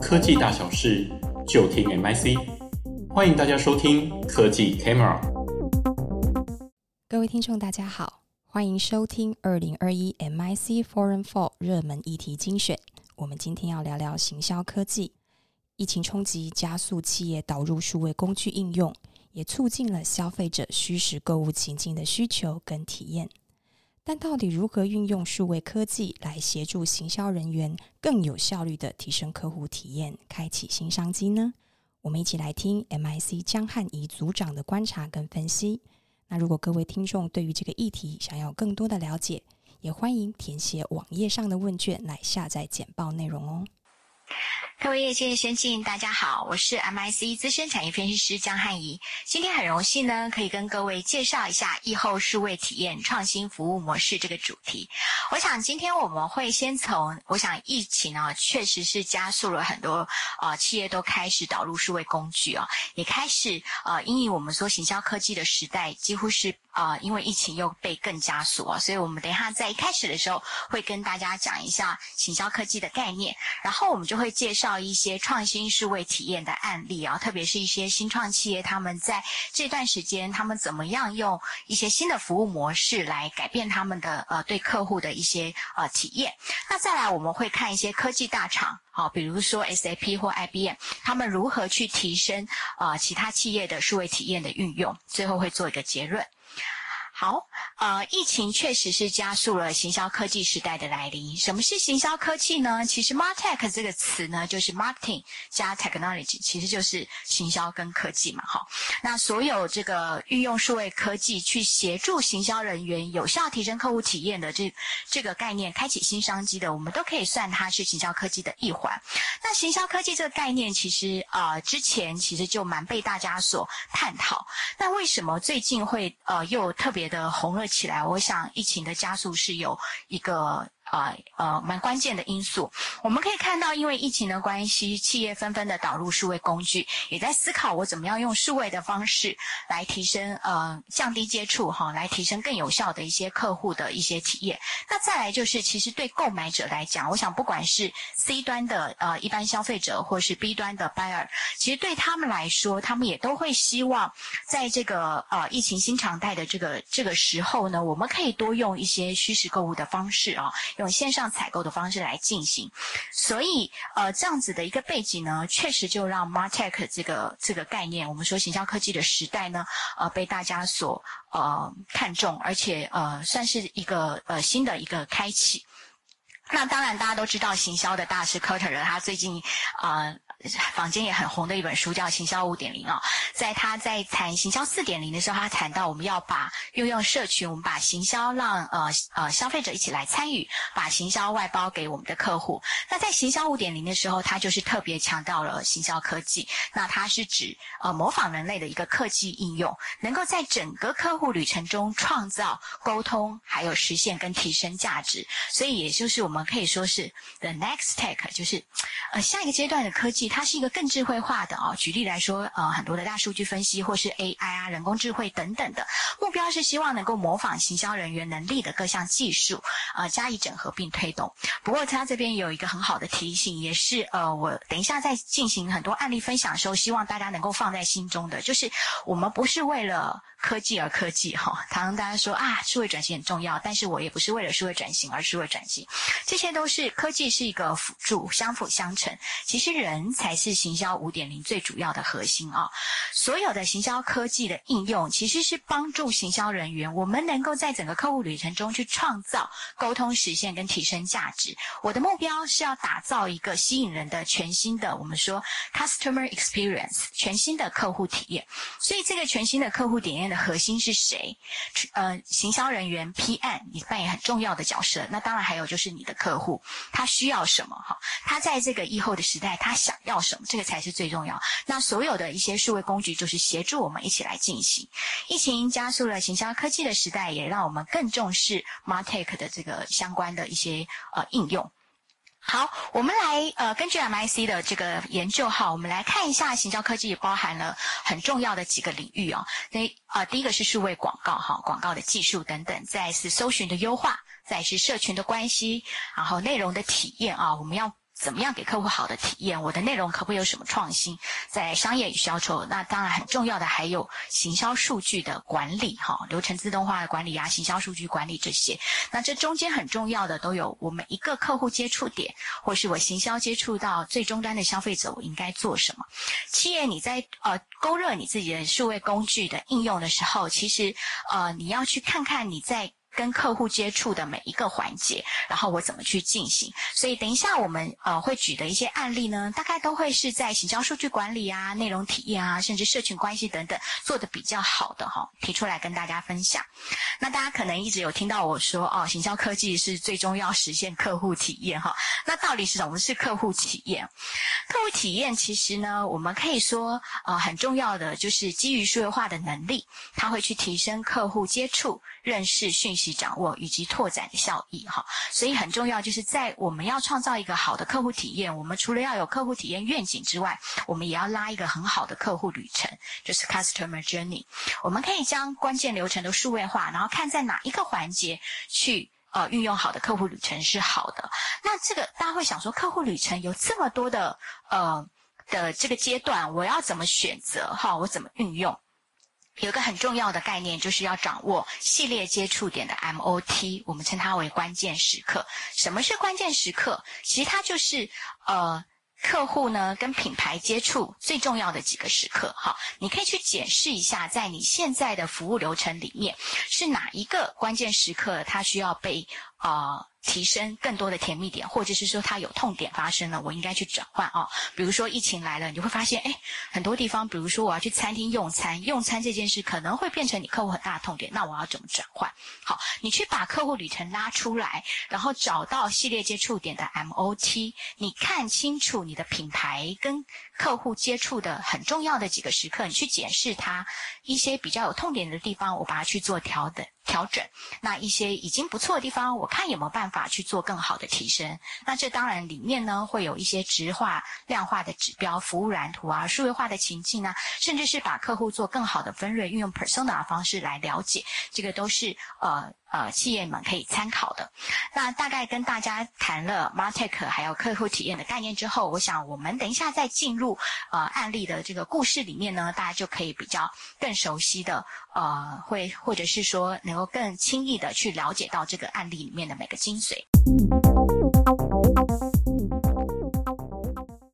科技大小事就聽 MIC，歡迎大家收聽科技 Camera。各位聽眾大家好，歡迎收聽二零二一 MIC Forum 熱門議題精選。我們今天要聊聊行銷科技，疫情衝擊加速企業導入數位工具應用，也促進了消費者虛實購物情境的需求跟體驗。但到底如何運用數位科技來協助行銷人員更有效率地提升客戶體驗、開啟新商機呢？我們一起來聽 MIC 姜漢儀組長的觀察跟分析。那如果各位聽眾對於這個議題想要更多的了解，也歡迎填寫網頁上的問卷來下載簡報內容哦。各位業界先進，大家好，我是 MIC 資深產業分析師姜漢儀。今天很榮幸呢，可以跟各位介紹一下疫後數位體驗創新服務模式這個主題。我想今天我們會先從，我想疫情啊，確實是加速了很多啊、呃，企業都開始導入數位工具哦、啊，也開始啊、呃，因為我們說行銷科技的時代，幾乎是啊、呃，因為疫情又被更加速啊，所以我們等一下在一開始的時候會跟大家講一下行銷科技的概念，然後我們就會介紹。到一些創新數位體驗的案例啊、哦，特別是一些新創企業，他們在這段時間，他們怎麼樣用一些新的服務模式來改變他們的呃對客戶的一些呃體驗。那再來，我們會看一些科技大廠，好、哦，比如說 SAP 或 IBM，他們如何去提升啊、呃、其他企業的數位體驗的運用。最後會做一個結論。好，呃，疫情確實是加速了行銷科技時代的來臨。什麼是行銷科技呢？其實 Martech 這個詞呢，就是 marketing 加 technology，其實就是行銷跟科技嘛。好，那所有這個運用數位科技去協助行銷人員有效提升客戶體驗的這這個概念，開啟新商機的，我們都可以算它是行銷科技的一環。那行銷科技這個概念，其實呃之前其實就蠻被大家所探討。那為什麼最近會呃又特別？的紅了起來，我想疫情的加速是有一個啊呃，呃，蠻關鍵的因素。我們可以看到，因為疫情的關係，企業紛紛的導入數位工具，也在思考我怎麼樣用數位的方式來提升呃降低接觸哈、哦，來提升更有效的一些客戶的一些體驗。那再來就是，其實對購買者來講，我想不管是 C 端的呃一般消費者，或是 B 端的 buyer，其實對他們來說，他們也都會希望在這個呃疫情新常態的這個這個時候呢，我們可以多用一些虛實購物的方式啊。哦用線上採購的方式來進行，所以呃這樣子的一個背景呢，確實就讓 Martech 這個這個概念，我們說行銷科技的時代呢，呃被大家所呃看重，而且呃算是一個呃新的一個開啟。那當然大家都知道行銷的大師科特勒他最近啊。呃坊間也很紅的一本書叫《行銷五點零》啊，在他在談行銷四點零的時候，他談到我們要把運用社群，我們把行銷讓呃呃消費者一起來參與，把行銷外包給我們的客戶。那在行銷五點零的時候，他就是特別強調了行銷科技。那它是指呃模仿人類的一個科技應用，能夠在整個客戶旅程中創造溝通，還有實現跟提升價值。所以也就是我們可以說是 the next tech，就是呃下一個階段的科技。它是一個更智慧化的啊、哦，舉例來說，呃，很多的大數據分析或是 AI 啊、人工智慧等等的目標是希望能夠模仿行銷人員能力的各項技術啊、呃，加以整合並推動。不過，它這邊有一個很好的提醒，也是呃，我等一下在進行很多案例分享的時候，希望大家能夠放在心中的，就是我們不是為了科技而科技哈。常常大家說啊，數位轉型很重要，但是我也不是為了數位轉型而數位轉型，這些都是科技是一個輔助，相輔相成。其實人。才是行銷五點零最主要的核心啊！所有的行銷科技的應用，其實是幫助行銷人員，我們能夠在整個客戶旅程中去創造溝通、實現跟提升價值。我的目標是要打造一個吸引人的全新的，我們說 customer experience 全新的客戶體驗。所以，這個全新的客戶體驗的核心是誰？呃，行銷人員 PM，你扮演很重要的角色。那當然還有就是你的客戶，他需要什麼？哈，他在這個疫後的時代，他想要，要什麼？這個才是最重要。那所有的一些數位工具，就是協助我們一起來進行。疫情加速了行銷科技的時代，也讓我們更重視 Martech 的這個相關的一些呃應用。好，我們來呃，根據 MIC 的這個研究哈，我們來看一下行銷科技包含了很重要的幾個領域啊。那、哦、啊、呃，第一個是數位廣告哈、哦，廣告的技術等等；再是搜尋的優化；再是社群的關係；然後內容的體驗啊、哦，我們要。怎麼樣給客戶好的體驗？我的內容可不可以有什麼創新，在商業與銷售。那當然很重要的還有行銷數據的管理哈，流程自動化的管理啊，行銷數據管理這些。那這中間很重要的都有我們一個客戶接觸點，或是我行銷接觸到最終端的消費者，我應該做什麼？企業你在呃勾勒你自己的數位工具的應用的時候，其實呃你要去看看你在。跟客戶接觸的每一個環節，然後我怎麼去進行？所以等一下我們呃會舉的一些案例呢，大概都會是在行銷數據管理啊、內容體驗啊，甚至社群關係等等做的比較好的哈、哦，提出來跟大家分享。那大家可能一直有聽到我說哦，行銷科技是最終要實現客戶體驗哈、哦。那到底是什麼是客戶體驗？客戶體驗其實呢，我們可以說呃很重要的就是基於數位化的能力，它會去提升客戶接觸、認識、訊息。掌握以及拓展的效益哈，所以很重要，就是在我們要創造一個好的客戶體驗，我們除了要有客戶體驗願景之外，我們也要拉一個很好的客戶旅程，就是 customer journey。我們可以將關鍵流程都數位化，然後看在哪一個環節去呃運用好的客戶旅程是好的。那這個大家會想說，客戶旅程有這麼多的呃的這個階段，我要怎麼選擇哈？我怎麼運用？有個很重要的概念，就是要掌握系列接觸點的 MOT，我們稱它為關鍵時刻。什麼是關鍵時刻？其實它就是呃，客戶呢跟品牌接觸最重要的幾個時刻。好，你可以去解釋一下，在你現在的服務流程裡面，是哪一個關鍵時刻，它需要被啊。呃提升更多的甜蜜點，或者是說它有痛點發生了，我應該去轉換哦。比如說疫情來了，你會發現，誒，很多地方，比如說我要去餐廳用餐，用餐這件事可能會變成你客戶很大的痛點，那我要怎麼轉換？好，你去把客戶旅程拉出來，然後找到系列接觸點的 MOT，你看清楚你的品牌跟客戶接觸的很重要的幾個時刻，你去檢視它一些比較有痛點的地方，我把它去做調整。調整那一些已經不錯的地方，我看有沒有辦法去做更好的提升。那這當然裡面呢會有一些質化、量化的指標、服務藍圖啊、數位化的情境啊，甚至是把客戶做更好的分潤，運用 persona 的方式來了解，這個都是呃。呃，企業們可以參考的。那大概跟大家談了 Martech 還有客戶體驗的概念之後，我想我們等一下再進入呃案例的這個故事裡面呢，大家就可以比較更熟悉的呃，會或者是說能夠更輕易的去了解到這個案例裡面的每個精髓。